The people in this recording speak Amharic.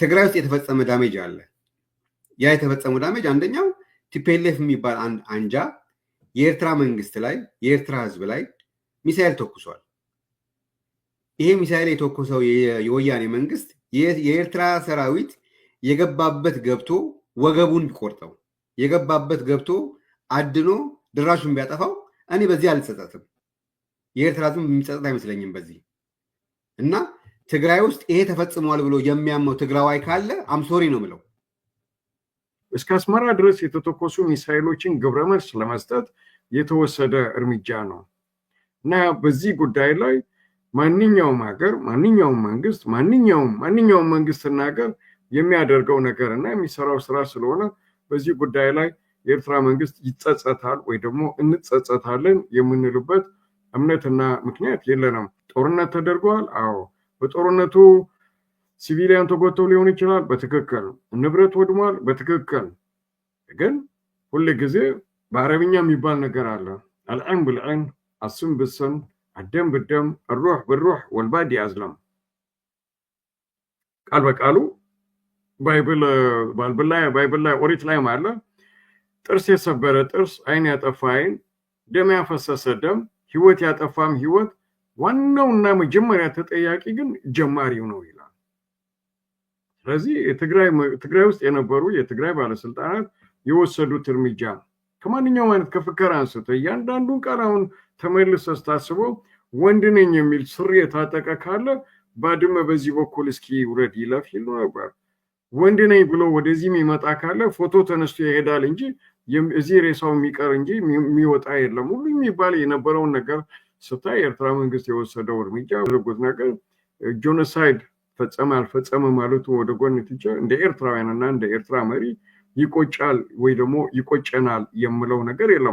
ትግራይ ውስጥ የተፈጸመ ዳሜጅ አለ። ያ የተፈጸመው ዳሜጅ አንደኛው ቲፔሌፍ የሚባል አንድ አንጃ የኤርትራ መንግስት ላይ የኤርትራ ህዝብ ላይ ሚሳይል ተኩሷል። ይሄ ሚሳይል የተኮሰው የወያኔ መንግስት የኤርትራ ሰራዊት የገባበት ገብቶ ወገቡን ቢቆርጠው የገባበት ገብቶ አድኖ ድራሹን ቢያጠፋው እኔ በዚህ አልጸጸትም። የኤርትራ ዝም የሚጸጸት አይመስለኝም በዚህ እና ትግራይ ውስጥ ይሄ ተፈጽሟል ብሎ የሚያመው ትግራዋይ ካለ አምሶሪ ነው ብለው እስከ አስመራ ድረስ የተተኮሱ ሚሳይሎችን ግብረ ለመስጠት የተወሰደ እርምጃ ነው እና በዚህ ጉዳይ ላይ ማንኛውም ሀገር ማንኛውም መንግስት ማንኛውም ማንኛውም መንግስትና ሀገር የሚያደርገው ነገር እና የሚሰራው ስራ ስለሆነ በዚህ ጉዳይ ላይ የኤርትራ መንግስት ይጸጸታል ወይ ደግሞ እንጸጸታለን የምንልበት እምነትና ምክንያት የለንም። ጦርነት ተደርገዋል። አዎ በጦርነቱ ሲቪሊያን ተጎተው ሊሆን ይችላል። በትክክል ንብረት ወድሟል። በትክክል ግን ሁሌ ጊዜ በአረብኛ የሚባል ነገር አለ። አልዐይን ብልዐይን፣ አስም ብስም፣ አደም ብደም፣ ሩሕ ብሩሕ ወልባድ ያዝለም ቃል በቃሉ ባይብል ላይ ኦሪት ላይም አለ። ጥርስ የሰበረ ጥርስ፣ አይን ያጠፋ አይን፣ ደም ያፈሰሰ ደም፣ ህይወት ያጠፋም ህይወት ዋናውና መጀመሪያ ተጠያቂ ግን ጀማሪው ነው ይላል። ስለዚህ ትግራይ ውስጥ የነበሩ የትግራይ ባለስልጣናት የወሰዱት እርምጃ ከማንኛውም አይነት ከፍከር አንስቶ እያንዳንዱን ቃል አሁን ተመልሰ ስታስበው ወንድ ነኝ የሚል ስር የታጠቀ ካለ ባድመ በዚህ በኩል እስኪ ውረድ ይለፍ ይሉ ነበር። ወንድ ነኝ ብሎ ወደዚህ የሚመጣ ካለ ፎቶ ተነስቶ ይሄዳል እንጂ እዚህ ሬሳው የሚቀር እንጂ የሚወጣ የለም ሁሉ የሚባል የነበረውን ነገር ስታይ የኤርትራ መንግስት የወሰደው እርምጃ ያደረጉት ነገር ጆኖሳይድ ፈጸመ አልፈጸመ ማለቱ ወደ ጎን ትቼ እንደ ኤርትራውያን እና እንደ ኤርትራ መሪ ይቆጫል ወይ ደግሞ ይቆጨናል የምለው ነገር የለም።